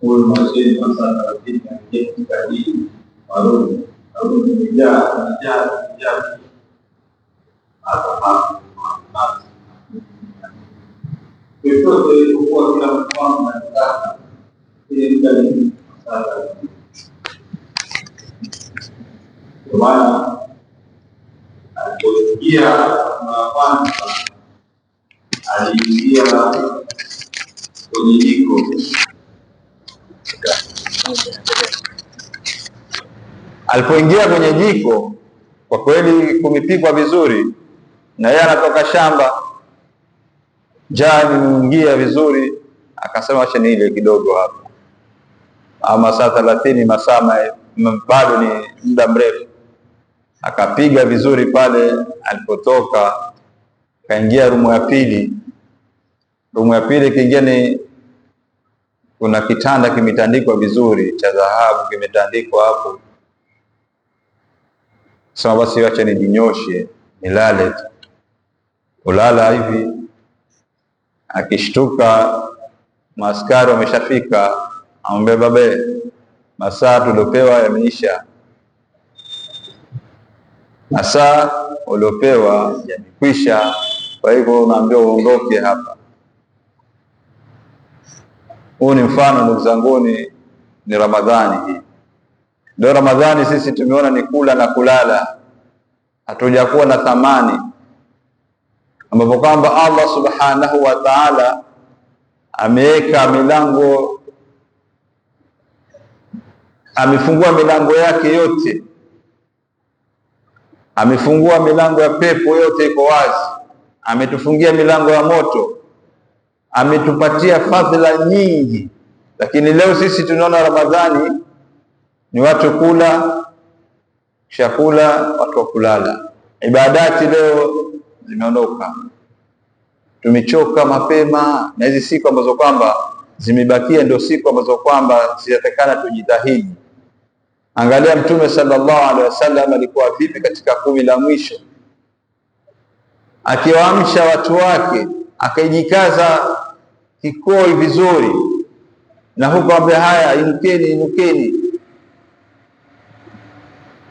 huyu mwajeni wa saa thelathini aingia katika dini maalum au imejaa imejaa imejaa hata vyovyote ilivyokuwa kila mfano nataka ile muda ni saa thelathini ndio maana alipoingia mara kwanza aliingia kwenye jiko Alipoingia kwenye jiko, kwa kweli kumepikwa vizuri, na yeye anatoka shamba, njaa imemwingia vizuri, akasema acha niile kidogo hapa, ama saa thelathini masaa bado ni muda mrefu. Akapiga vizuri pale alipotoka, kaingia rumu ya pili. Rumu ya pili ikiingia ni kuna kitanda kimetandikwa vizuri cha dhahabu kimetandikwa hapo. Sema basi, wacha nijinyoshe nilale Ulala hivi, akishtuka maaskari wameshafika, amwambia babe, masaa tuliopewa yameisha, masaa uliopewa yamekwisha, kwa hivyo unaambiwa uondoke hapa. Huu ni mfano ndugu zanguni, ni Ramadhani hii. Ndio Ramadhani sisi tumeona ni kula na kulala, hatujakuwa na thamani, ambapo kwamba Allah subhanahu wa ta'ala ameweka milango, amefungua milango yake yote, amefungua milango ya pepo yote iko wazi, ametufungia milango ya moto ametupatia fadhila nyingi, lakini leo sisi tunaona Ramadhani ni watu kula, chakula, watu wa kulala. Ibadati leo zimeondoka, tumechoka mapema, na hizi siku ambazo kwamba zimebakia ndio siku ambazo kwamba zinatakana tujitahidi. Angalia Mtume sallallahu alaihi wasallam alikuwa vipi katika kumi la mwisho, akiwaamsha watu wake akaijikaza kikoi vizuri, na huko ambia haya, inukeni inukeni.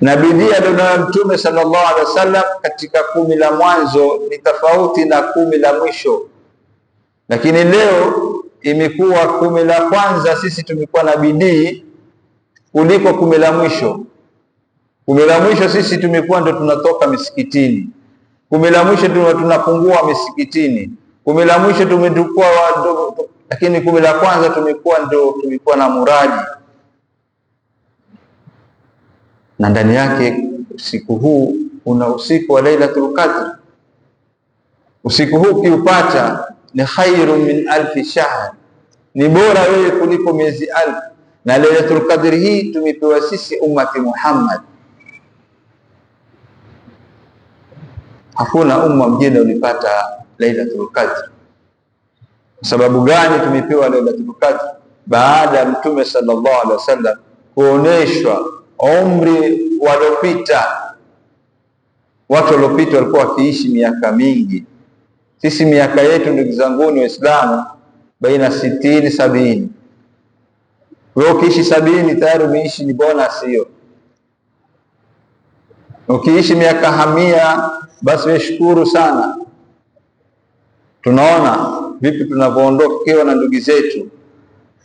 Na bidii aliona Mtume sallallahu alaihi wasallam katika kumi la mwanzo ni tofauti na kumi la mwisho, lakini leo imekuwa kumi la kwanza sisi tumekuwa na bidii kuliko kumi la mwisho. Kumi la mwisho sisi tumekuwa ndo tunatoka misikitini, kumi la mwisho tunapungua misikitini Kumi la mwisho tumetukua wadogo, lakini kumi la kwanza tumekuwa ndio tumekuwa na muradi na ndani yake usiku huu una usiku wa Lailatul Qadr. Usiku huu kiupata ni khairu min alfi shahr, ni bora wewe kuliko miezi alfu. Na Lailatul Qadr hii tumepewa sisi ummati Muhammad, hakuna umma mjini ulipata Lailatul Qadr. Sababu gani tumepewa Lailatul Qadr? Baada ya Mtume sallallahu alaihi wasallam kuoneshwa umri waliopita, watu waliopita walikuwa wakiishi miaka mingi. Sisi miaka yetu ndugu zanguni Waislamu baina sitini sabini. Wewe ukiishi sabini tayari umeishi, ni bonus hiyo. Ukiishi miaka hamia basi weshukuru sana. Tunaona vipi tunavyoondokewa na ndugu zetu.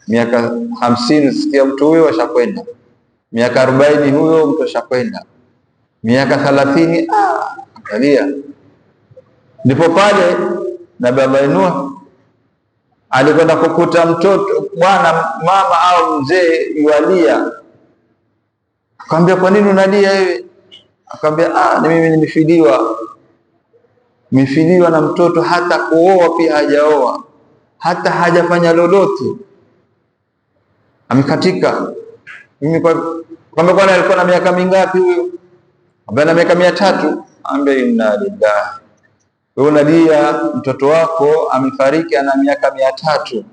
Miaka hamsini sikia mtu huyo ashakwenda, miaka arobaini huyo mtu ashakwenda, miaka thalathini ah, angalia. Ndipo pale na baba inua alikwenda kukuta mtoto bwana mama au mzee yualia, akamwambia kwa nini unalia wewe? Akamwambia ah, ni mimi nimefidiwa mifiliwa na mtoto hata kuoa pia hajaoa, hata hajafanya lolote, amekatika. Mimi kwamba bwana alikuwa na miaka mingapi huyo? Ambaye na miaka mia tatu. Ambe inna lillahi. Wewe unalia mtoto wako amefariki ana miaka mia tatu,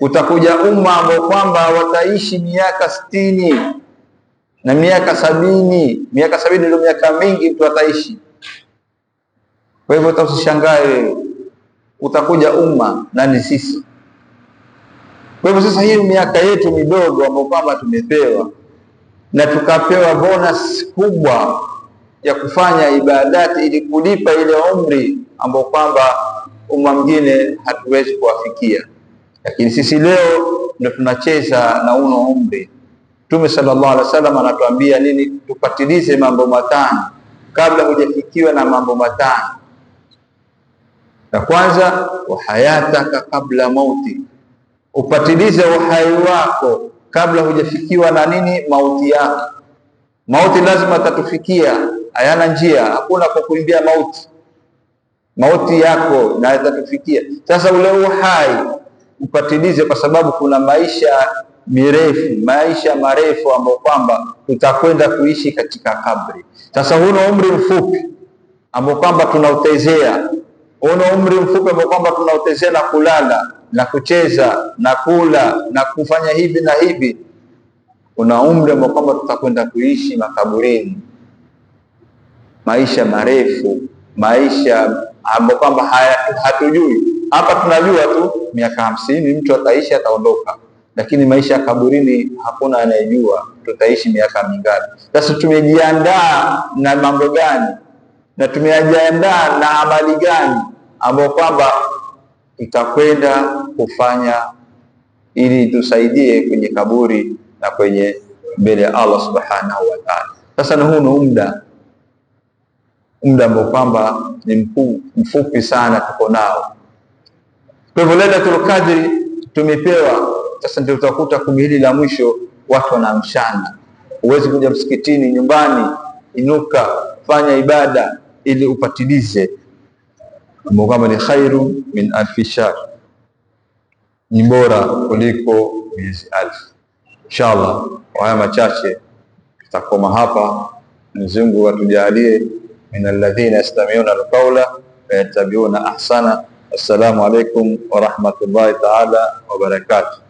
utakuja umma ambao kwamba wataishi miaka sitini na miaka sabini. Miaka sabini ndio miaka mingi mtu ataishi kwa hivyo hata wewe, utakuja umma na ni sisi. Kwa hivyo sasa, hii miaka yetu midogo ambayo kwamba tumepewa na tukapewa bonus kubwa ya kufanya ibadati ili kulipa ile umri ambao kwamba umma mwingine hatuwezi kuwafikia, lakini sisi leo ndio tunacheza na uno umri. Mtume sallallahu alaihi wasallam anatuambia nini? Tupatilize mambo matano kabla hujafikiwa na mambo matano la kwanza wahayataka kabla mauti, upatilize uhai wako kabla hujafikiwa na nini, mauti yako. Mauti lazima tatufikia, hayana njia, hakuna kwa kuimbia mauti. Mauti yako na yatatufikia. Sasa ule uhai upatilize, kwa sababu kuna maisha mirefu maisha marefu ambayo kwamba tutakwenda kuishi katika kabri. Sasa huna umri mfupi ambao kwamba tunautezea una umri mfupi ambao kwamba tunaotezea na kulala na kucheza na kula na kufanya hivi na hivi, una umri ambao kwamba tutakwenda kuishi makaburini, maisha marefu, maisha ambayo kwamba hatujui. Hapa tunajua tu miaka hamsini mtu ataishi, ataondoka, lakini maisha ya kaburini hakuna anayejua tutaishi miaka mingapi. Sasa tumejiandaa na mambo gani na tumejiandaa na amali gani ambayo kwamba itakwenda kufanya ili tusaidie kwenye kaburi na kwenye mbele ya Allah subhanahu wa ta'ala. Sasa na huu ni muda muda ambao kwamba ni mfupi sana tuko nao. Kwa hivyo Lailatul Qadri tumepewa sasa, ndio utakuta kumi hili la mwisho watu wanamshana. Huwezi kuja msikitini, nyumbani, inuka, fanya ibada ili upatilize Mungu kwamba ni khairu min alfi shahr, ni bora kuliko miezi alfu. Inshallah, kwa haya machache tutakoma hapa. Mwenyezi Mungu atujalie min alladhina yastami'una alqawla fayattabi'una ahsana. Assalamu alaikum wa rahmatullahi ta'ala wa barakatuh.